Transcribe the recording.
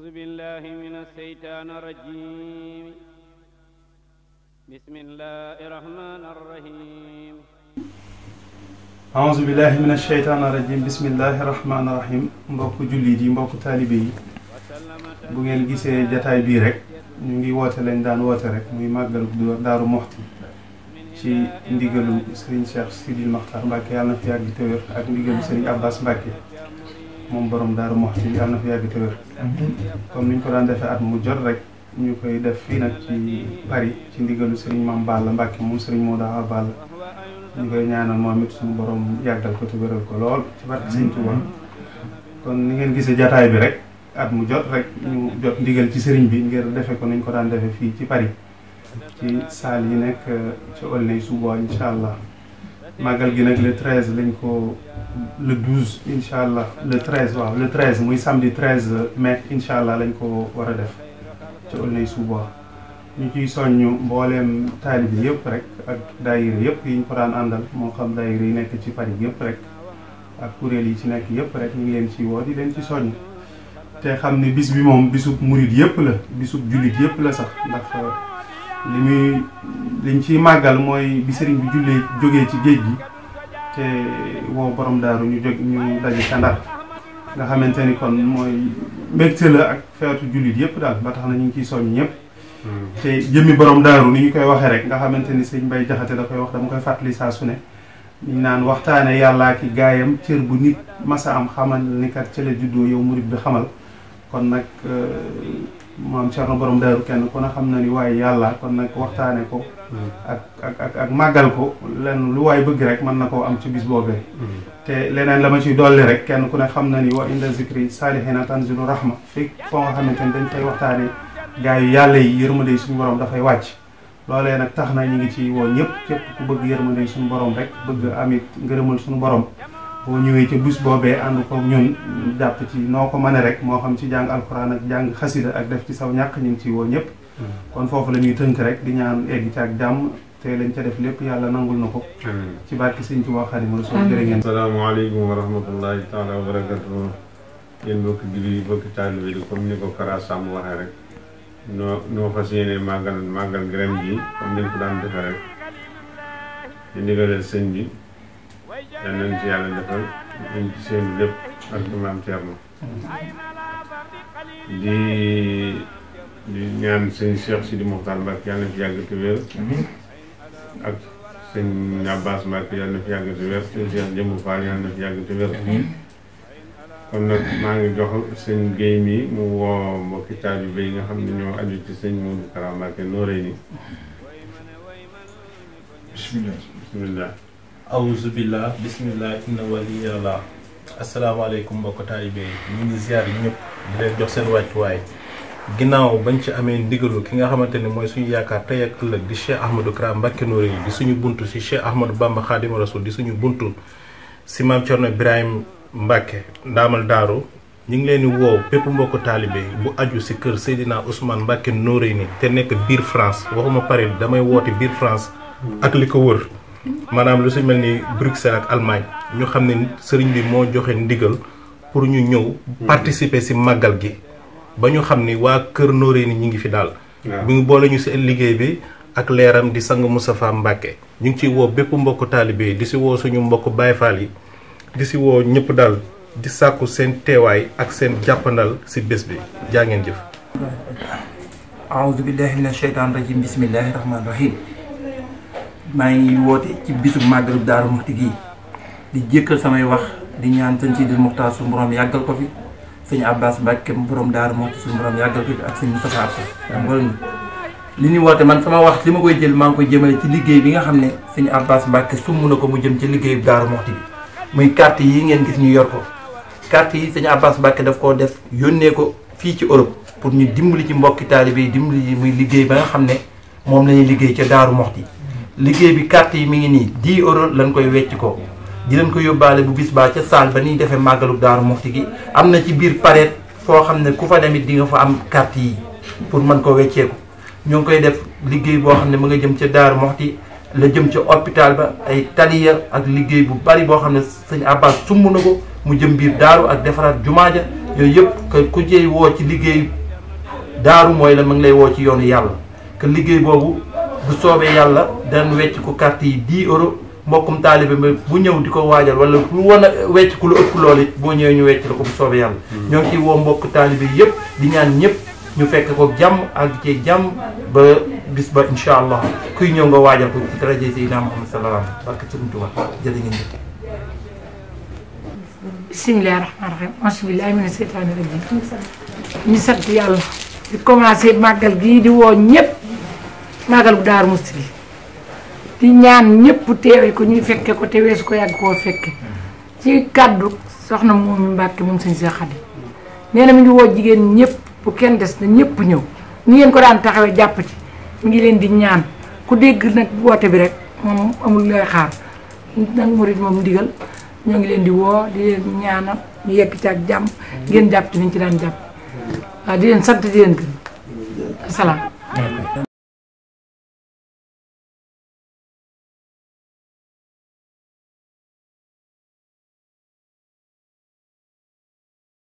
أعوذ بالله من الشيطان الرجيم بسم الله الرحمن الرحيم أعوذ بالله من الشيطان الرجيم بسم bu ngeen gise jataay bii rek ñu ngi woote lañ daan woote rek muy màggal Daaru Muxti ci ndigalu Serigne Cheikh Makhtar Mbacke yàlla na fi yàgg ak ndigalu Serigne Abbas Mbacke moom borom daaru Moxti yàlla na fi yàgg te wér comme ni ñu ko daan defe at mu jot rek ñu koy def fii nag ci Paris ci ndigalu Serigne Mame Balla Mbacke moom Serigne moo daa Balla ñu koy ñaanal moo it suñu borom yàggal ko te wéral ko lool ci barke Serigne Touba kon ni ngeen gisee jataay bi rek at mu jot rek ñu jot ndigal ci Serigne bi ngir defe ko nañ ko daan defee fii ci Paris ci saal yi nekk ci Aulnay-sous-Bois incha allah màggal gi nag le treize lañ ko le douze incha allah le treize waaw le treize muy samdi treize mai incha allah lañ ko war a def ci Aulnay-sous-Bois ñu ciy soññ mbooleem bi yëpp rek ak daayira yëpp yi ñu ko daan àndal moo xam daayira yi nekk ci yi yëpp rek ak kuréel yi ci nekk yëpp rek ñu ngi leen ci woo di leen ci soññ te xam ne bis bi moom bisub murit yëpp la bisub jullit yëpp la sax ndax li muy liñ ciy màggal mooy bi sëriñ bi jullee jógee ci géej gi te woo borom daaru ñu jóg ñu daje ca Ndar nga xamante ni kon mooy mbégte la ak feetu jullit yëpp daal ba tax na ñu ngi ciy soññ ñëpp. Hmm. te jëmmi borom daaru ni ñu koy waxee rek nga xamante ni sëñ Mbay Jaxate da koy wax dama koy fàttali saa su ne. ñu naan waxtaane yàllaa ki gaayam cër bu nit masa am xamal ni kat ca la juddoo yow murit bi xamal. kon nag euh, maam Cerno borom daaru kenn ku ne xam na ni waaye yàlla kon nag waxtaane ko hmm. ak ak ak ak màggal ko lenn lu waay bëgg rek mën na koo am ci bis boobee hmm. te leneen la ma ciy dolli rek kenn ku ne xam na ni wa inda zikri saalihina tanzilu rahma fi foo nga xamante ni dañ fay waxtaane gaa yu yàlla yi yërmande suñu borom dafay wàcc loolee nag tax na ñu ngi ci woon ñëpp képp ku bëgg yërmande suñu boroom rek bëgg amit ngërëmal suñu borom boo ñëwee ca bus boobee ànd ko ñun ñu jàpp ci noo ko mën rek moo xam ci jàng alxuraan ak jàng xasida ak def ci saw ñàkk ñu ngi ciy woo ñëpp. Hmm. kon foofu la ñuy tënk rek di ñaan egg ca ak jàmm te lañ ca def lépp yàlla nangul na ko. ci barki sëñ Tuubaa Xaadimu Rasuul jërë ngeen. salaamaaleykum wa rahmatullaahi taala wa barakaatuh. yéen mbokki jullit yi mbokki taalibe yi comme ni ko Kara Samb waxee rek. noo noo fas yéene màggal màggal gi ji comme ni ko daan defee rek. di ndigaleel yal nañ ci yàlla defal luñ ci seen lépp ak ki maam Thierno di di ñaan sëñ Cheikh Sidi Mokhtar Mbacke yàlla na fi yàgg te wér ak sëñ Abbas Mbacke yàlla na fi yàgg te wér sëñ Cheikh Jëmbu Fall na fi yàgg te kon nag maa ngi jox sëñ Guèye mi mu woo mbokki taalibe yi nga xam ne ñoo aju ci sëñ Modou Kara Mbacke nooree nii bismillah bismillah awuzu billah bismillah inna waliyallah asalaamaaleykum mbokk taalibe ngi ziar ñëpp di leen ginnaaw bañ ci amee ndigalu ki nga xamante ni mooy suñu yaakaar tey ak ëllëg di Cheikh Ahmadou suñu buntu si Cheikh Ahmadou Bamba Khadim Rasoul di suñu buntu si maam Thierno Ibrahim Mbacké ndaamal daaru ñu ngi leen di woow bépp mbokk taalibe bu aju si kër Seydina Ousmane Mbacké Noreyni te nekk biir France waxuma Paris damay woote biir France ak li ko wër maanaam lu si mel ni Bruxelles ak Allemagne ñu xam ne sëriñ bi moo joxe ndigal pour ñu ñëw participer si màggal gi ba ñu xam ni waa Kër Noreyni ñi ngi fi daal bi ngi boole ñu si liggéey bi ak leeram di sang Moustapha Mbacke ñu ngi ciy woo bépp mbokk taalibe di si woo suñu mbokk Baye Fall yi di si woo ñëpp daal di sàkku seen teewaay ak seen jàppandal si bés bi jaa ngeen jëf aoudu billahi maa ngi woote ci bisu màggalu Daaru Muxti gii di jëkkal samay wax di ñaan sëñ Sidil Muxtaar suñu borom yàggal ko fi sëñ Abbas Mbàkke borom Daaru Muxti suñu borom yàggal ko fi ak sëñ Moustapha Absa li ñu woote man sama wax li ma koy jël maa ngi koy jëmale ci liggéey bi nga xam ne sëñ Abbas Mbàkke sumb na ko mu jëm ci liggéeyu Daaru Muxti bi muy carte yi ngeen gis ñu yor ko carte yi sëñ Abbas Mbàkke daf koo def yónnee ko fii ci Europe pour ñu dimbali ci mbokki taalibe yi dimbali muy liggéey ba nga xam ne moom lañuy liggéey ca Daaru Muxti liggéey bi carte yi mi ngi nii 10 euros lañ koy wecc ko di ko yóbbaale bu bis baa ca saal ba niy defee màggalu daaru Muxti gi am na ci biir paret foo xam ne ku fa demit di nga fa am carte yi pour mën ko wecceeku ñoo ngi koy def liggéey boo xam ne mu nga jëm ca daaru Muxti la jëm ca hôpital ba ay taliya ak liggéey bu bari boo xam ne sëñ Abbas sumb na ko mu jëm biir daaru ak defaraat jumaa ja yooyu yëpp ku jey woo ci liggéey daaru mooy la ma ngi lay woo ci yoonu yàlla que liggéey boobu bu soobee yàlla danañ wecc ko carte yi 10 euros mbokkum taalibe bi bu ñëw di ko waajal wala lu woon a wecc ku lu ëpp loolu it boo ñëwee ñu wecc la ko bu soobee yàlla. Hmm. ñoo ngi ciy woo mbokk taalibe yëpp di ñaan ñëpp ñu fekk ko jàmm ak jàmm ba bis ba incha allah kuy ñëw nga waajal ko ci rajo Seydina Muhammad sallallahu alayhi wa sallam barke Sëriñ Tuubaa jërë ngeen jëf. bisimilah rahmaani rahiim yàlla di commencé màggal gii di woo ñëpp. magal bu daar Musti bi di ñaan ñëpp teewe ko ñuy fekkee ko te weesu ko yàgg koo fekke ci kàddu soxna moom Mbàkke moom sëñ Seex Xadi nee na mi ngi woo jigéen ñëpp bu kenn des na ñëpp ñëw ñu ngeen ko daan taxawee jàpp ci mu ngi leen di ñaan ku dégg nag woote bi rek moom amul looy xaar nag murit moom ndigal ñoo ngi leen di woo di leen ñaanal ñu yegg ci ak jàmm ngeen jàpp ci niñ ci daan jàpp waaw di leen sant di leen gën